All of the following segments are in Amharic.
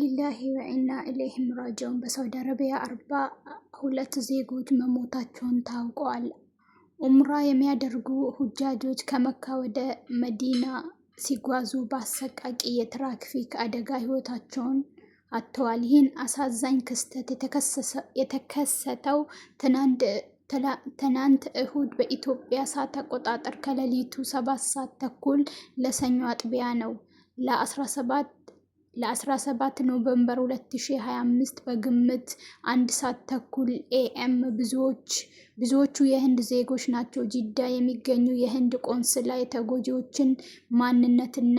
ኢናሊላሂ ወኢና ኢለይሂ ራጂዑን በሳውዲ አረቢያ አርባ ሁለት ዜጎች መሞታቸውን ታውቋል። ኡምራ የሚያደርጉ ሁጃጆች ከመካ ወደ መዲና ሲጓዙ በአሰቃቂ የትራፊክ አደጋ ህይወታቸውን አጥተዋል። ይህን አሳዛኝ ክስተት የተከሰተው ትናንት እሁድ በኢትዮጵያ ሰዓት አቆጣጠር ከሌሊቱ ሰባት ሰዓት ተኩል ለሰኞ አጥቢያ ነው ለ17 ለ17 ኖቨምበር 2025 በግምት አንድ ሰዓት ተኩል ኤኤም ብዙዎቹ የህንድ ዜጎች ናቸው ጂዳ የሚገኙ የህንድ ቆንስላ የተጎጂዎችን ማንነትና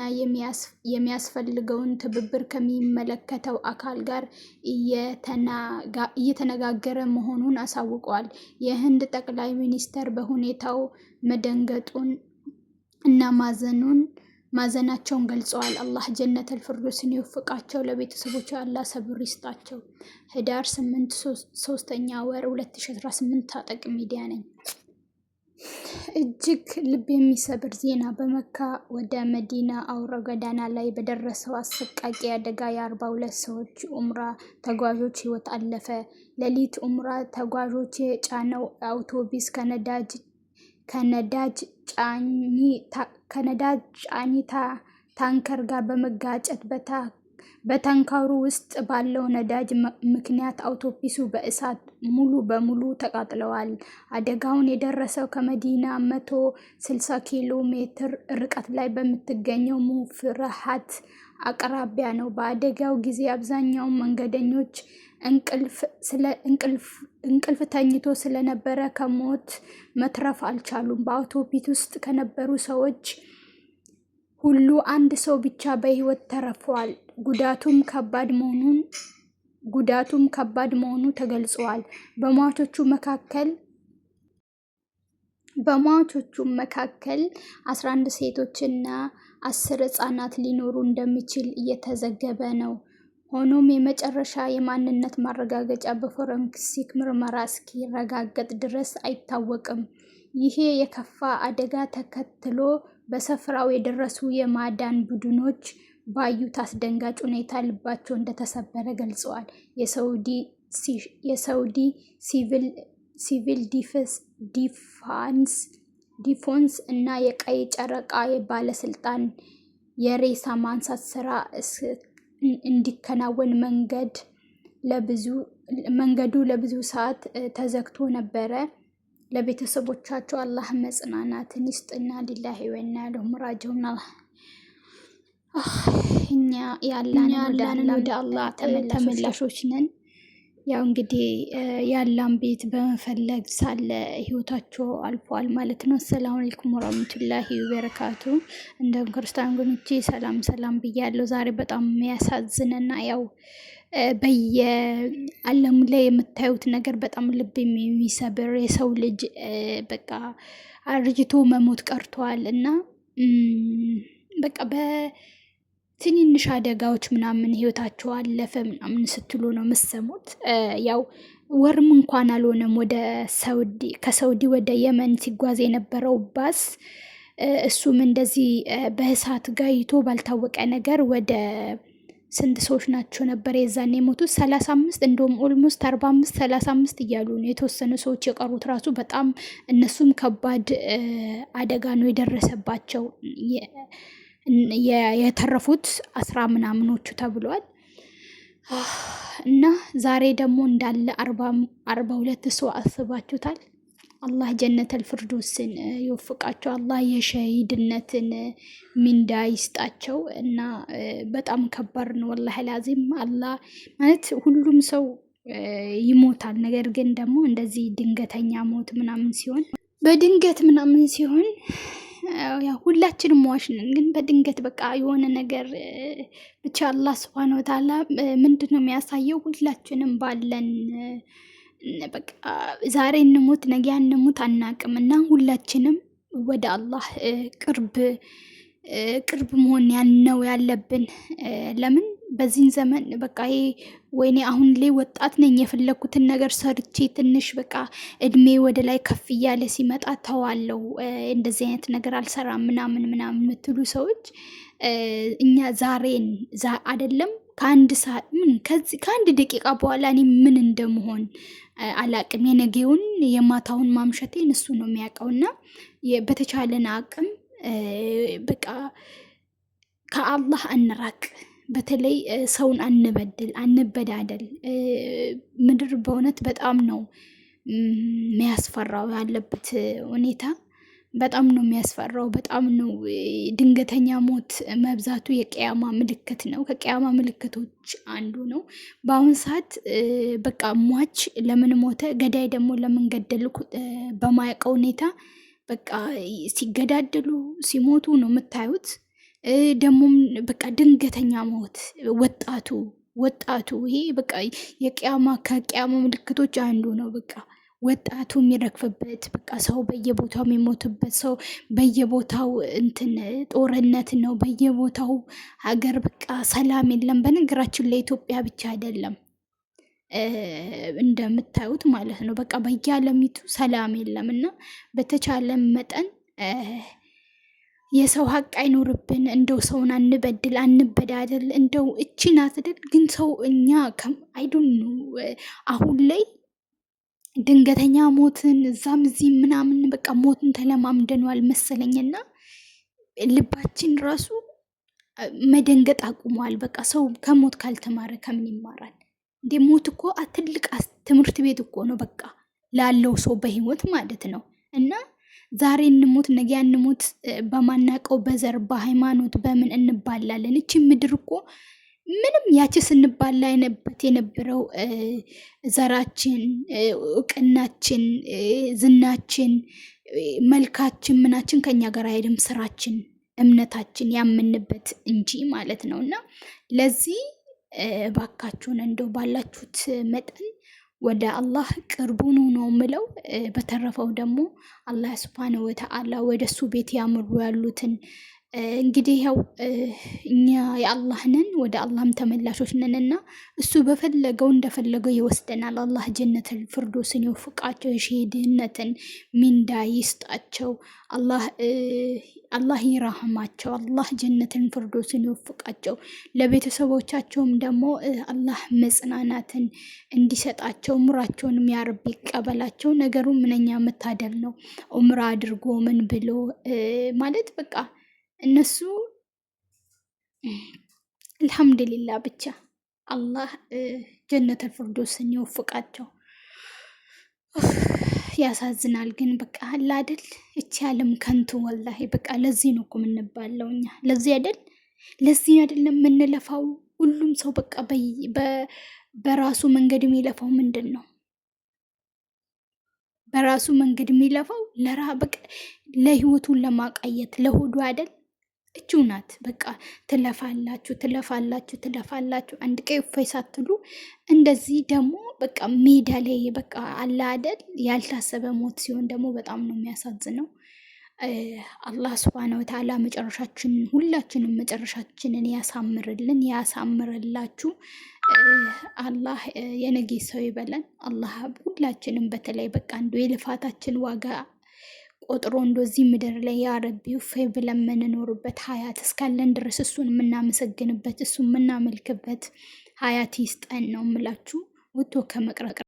የሚያስፈልገውን ትብብር ከሚመለከተው አካል ጋር እየተነጋገረ መሆኑን አሳውቀዋል። የህንድ ጠቅላይ ሚኒስተር በሁኔታው መደንገጡን እና ማዘኑን ማዘናቸውን ገልጸዋል። አላህ ጀነት አልፍርዶስን ይወፍቃቸው። ለቤተሰቦች አላህ ሰብር ይስጣቸው። ህዳር 8 ሶስተኛ ወር 2018 ታጠቅ ሚዲያ ነኝ። እጅግ ልብ የሚሰብር ዜና በመካ ወደ መዲና አውራ ጎዳና ላይ በደረሰው አሰቃቂ አደጋ የአርባ ሁለት ሰዎች ኡምራ ተጓዦች ህይወት አለፈ። ሌሊት ኡምራ ተጓዦች የጫነው አውቶቡስ ከነዳጅ ከነዳጅ ጫኝ ታንከር ጋር በመጋጨት በታንከሩ ውስጥ ባለው ነዳጅ ምክንያት አውቶቡሱ በእሳት ሙሉ በሙሉ ተቃጥለዋል። አደጋውን የደረሰው ከመዲና 160 ኪሎ ሜትር ርቀት ላይ በምትገኘው ሙፍርሃት አቅራቢያ ነው። በአደጋው ጊዜ አብዛኛው መንገደኞች እንቅልፍ ተኝቶ ስለነበረ ከሞት መትረፍ አልቻሉም። በአውቶቡስ ውስጥ ከነበሩ ሰዎች ሁሉ አንድ ሰው ብቻ በሕይወት ተረፈዋል። ጉዳቱም ከባድ መሆኑን ጉዳቱም ከባድ መሆኑ ተገልጿል። በሟቾቹ መካከል በሟቾቹም መካከል 11 ሴቶችና አስር ሕፃናት ሊኖሩ እንደሚችል እየተዘገበ ነው። ሆኖም የመጨረሻ የማንነት ማረጋገጫ በፎረንሲክ ምርመራ እስኪረጋገጥ ድረስ አይታወቅም። ይሄ የከፋ አደጋ ተከትሎ በስፍራው የደረሱ የማዳን ቡድኖች ባዩት አስደንጋጭ ሁኔታ ልባቸው እንደተሰበረ ገልጸዋል። የሳውዲ ሲቪል ሲቪል ዲፎንስ እና የቀይ ጨረቃ የባለስልጣን የሬሳ ማንሳት ስራ እንዲከናወን መንገዱ ለብዙ ሰዓት ተዘግቶ ነበረ። ለቤተሰቦቻቸው አላህ መጽናናትን ይስጥና ሊላሂ ወና ለሁም ራጅዑን። እኛ ያላንን ወደ አላህ ተመላሾች ነን። ያው እንግዲህ ያላን ቤት በመፈለግ ሳለ ህይወታቸው አልፏል ማለት ነው። አሰላሙ አለይኩም ወራህመቱላሂ ወበረካቱ። እንደም ክርስቲያን ወገኖቼ ሰላም ሰላም ብያለሁ። ዛሬ በጣም የሚያሳዝንና ያው በየአለሙ ላይ የምታዩት ነገር በጣም ልብ የሚሰብር የሰው ልጅ በቃ አርጅቶ መሞት ቀርቷል እና በቃ በ ትንንሽ አደጋዎች ምናምን ህይወታቸው አለፈ ምናምን ስትሉ ነው የምሰሙት። ያው ወርም እንኳን አልሆነም ወደ ሰውዲ ከሳውዲ ወደ የመን ሲጓዝ የነበረው ባስ እሱም እንደዚህ በእሳት ጋይቶ ባልታወቀ ነገር ወደ ስንት ሰዎች ናቸው ነበር የዛን የሞቱት? ሰላሳ አምስት እንደውም ኦልሞስት አርባ አምስት ሰላሳ አምስት እያሉ ነው የተወሰኑ ሰዎች የቀሩት። ራሱ በጣም እነሱም ከባድ አደጋ ነው የደረሰባቸው። የተረፉት አስራ ምናምኖቹ ተብሏል። እና ዛሬ ደግሞ እንዳለ አርባ ሁለት ሰው አስባችሁታል። አላህ ጀነት ፊርደውስን ይወፍቃቸው። አላህ የሸሂድነትን ሚንዳ ይስጣቸው። እና በጣም ከባድ ነው ወላሂ ላዚም። አላህ ማለት ሁሉም ሰው ይሞታል። ነገር ግን ደግሞ እንደዚህ ድንገተኛ ሞት ምናምን ሲሆን በድንገት ምናምን ሲሆን ሁላችንም ዋሽ ነን፣ ግን በድንገት በቃ የሆነ ነገር ብቻ አላህ ስብሃነ ወተዓላ ምንድን ነው የሚያሳየው ሁላችንም ባለን በቃ ዛሬ እንሙት ነገ እንሙት አናቅም እና ሁላችንም ወደ አላህ ቅርብ ቅርብ መሆን ነው ያለብን ለምን በዚህን ዘመን በቃ ወይኔ አሁን ላይ ወጣት ነኝ የፈለግኩትን ነገር ሰርቼ ትንሽ በቃ እድሜ ወደ ላይ ከፍ እያለ ሲመጣ ተዋለው እንደዚህ አይነት ነገር አልሰራም ምናምን ምናምን የምትሉ ሰዎች እኛ ዛሬን አይደለም ከአንድ ሰዓት ምን ከዚህ ከአንድ ደቂቃ በኋላ እኔ ምን እንደመሆን አላቅም። የነገውን የማታውን ማምሸቴን እሱ ነው የሚያውቀውና በተቻለን አቅም በቃ ከአላህ እንራቅ። በተለይ ሰውን አንበድል፣ አንበዳደል። ምድር በእውነት በጣም ነው የሚያስፈራው ያለበት ሁኔታ በጣም ነው የሚያስፈራው። በጣም ነው ድንገተኛ ሞት መብዛቱ የቀያማ ምልክት ነው። ከቀያማ ምልክቶች አንዱ ነው። በአሁን ሰዓት በቃ ሟች ለምን ሞተ፣ ገዳይ ደግሞ ለምን ገደል በማያውቀው ሁኔታ በቃ ሲገዳደሉ ሲሞቱ ነው የምታዩት። ደግሞም በቃ ድንገተኛ ሞት ወጣቱ ወጣቱ ይሄ በቃ የቅያማ ከቅያማ ምልክቶች አንዱ ነው። በቃ ወጣቱ የሚረግፍበት በቃ ሰው በየቦታው የሚሞትበት ሰው በየቦታው እንትን ጦርነት ነው በየቦታው ሀገር በቃ ሰላም የለም። በነገራችን ለኢትዮጵያ ብቻ አይደለም እንደምታዩት ማለት ነው። በቃ በየአለሚቱ ሰላም የለም እና በተቻለ መጠን የሰው ሀቅ አይኖርብን። እንደው ሰውን አንበድል፣ አንበዳደል። እንደው እቺ ናት አይደል? ግን ሰው እኛ አይዶኑ አሁን ላይ ድንገተኛ ሞትን እዛም እዚህ ምናምን በቃ ሞትን ተለማምደነዋል መሰለኝና ልባችን ራሱ መደንገጥ አቁመዋል። በቃ ሰው ከሞት ካልተማረ ከምን ይማራል እንደ ሞት እኮ ትልቅ ትምህርት ቤት እኮ ነው። በቃ ላለው ሰው በህይወት ማለት ነው እና ዛሬ እንሙት ነገ እንሙት በማናቀው በዘር በሃይማኖት በምን እንባላለን። እቺ ምድር እኮ ምንም ያቺ ስንባላ አይነበት የነበረው ዘራችን፣ እውቅናችን፣ ዝናችን፣ መልካችን፣ ምናችን ከኛ ጋር አይሄድም። ስራችን፣ እምነታችን ያምንበት እንጂ ማለት ነው እና ለዚህ እባካችሁን እንደው ባላችሁት መጠን ወደ አላህ ቅርቡኑ ነው ምለው። በተረፈው ደግሞ አላህ ስብሓን ወተዓላ ወደ እሱ ቤት ያምሩ ያሉትን እንግዲህ ያው እኛ የአላህንን ወደ አላህም ተመላሾች ነንና እሱ በፈለገው እንደፈለገው ይወስደናል። አላህ ጀነትን ፍርዶስን የውፍቃቸው፣ ሸሂድነትን ሚንዳ ይስጣቸው፣ አላህ ይራህማቸው፣ አላህ ጀነትን ፍርዶስን ይወፍቃቸው። ለቤተሰቦቻቸውም ደግሞ አላህ መጽናናትን እንዲሰጣቸው ኡምራቸውንም ያረቢ ይቀበላቸው። ነገሩ ምንኛ መታደል ነው ኡምራ አድርጎ ምን ብሎ ማለት በቃ እነሱ አልሐምዱሊላ ብቻ አላህ ጀነተል ፍርዶስን ይወፍቃቸው። ያሳዝናል ግን በቃ አለ አይደል? እቺ ዓለም ከንቱ ወላሂ። በቃ ለዚህ ነው እኮ የምንባለው እኛ። ለዚህ አይደል? ለዚህ አይደለም የምንለፋው። ሁሉም ሰው በቃ በራሱ መንገድ የሚለፋው ምንድን ነው? በራሱ መንገድ የሚለፋው ለራ በቃ ለህይወቱን ለማቀየት ለሆዱ አይደል? እጁ ናት። በቃ ትለፋላችሁ ትለፋላችሁ ትለፋላችሁ አንድ ቀይ እፎይ ሳትሉ እንደዚህ ደግሞ በቃ ሜዳ ላይ በቃ አለ አይደል ያልታሰበ ሞት ሲሆን ደግሞ በጣም ነው የሚያሳዝነው። አላህ ስብሃነ ወተዓላ መጨረሻችንን ሁላችንም መጨረሻችንን ያሳምርልን ያሳምርላችሁ። አላህ የነጌ ሰው ይበለን። አላህ ሁላችንም በተለይ በቃ አንዱ የልፋታችን ዋጋ ቆጥሮ እንደዚህ ምድር ላይ ያረቢው ፌ ብለን የምንኖርበት ሀያት እስካለን ድረስ እሱን የምናመሰግንበት እሱን የምናመልክበት ሀያት ይስጠን ነው የምላችሁ። ወጥቶ ከመቅረቅ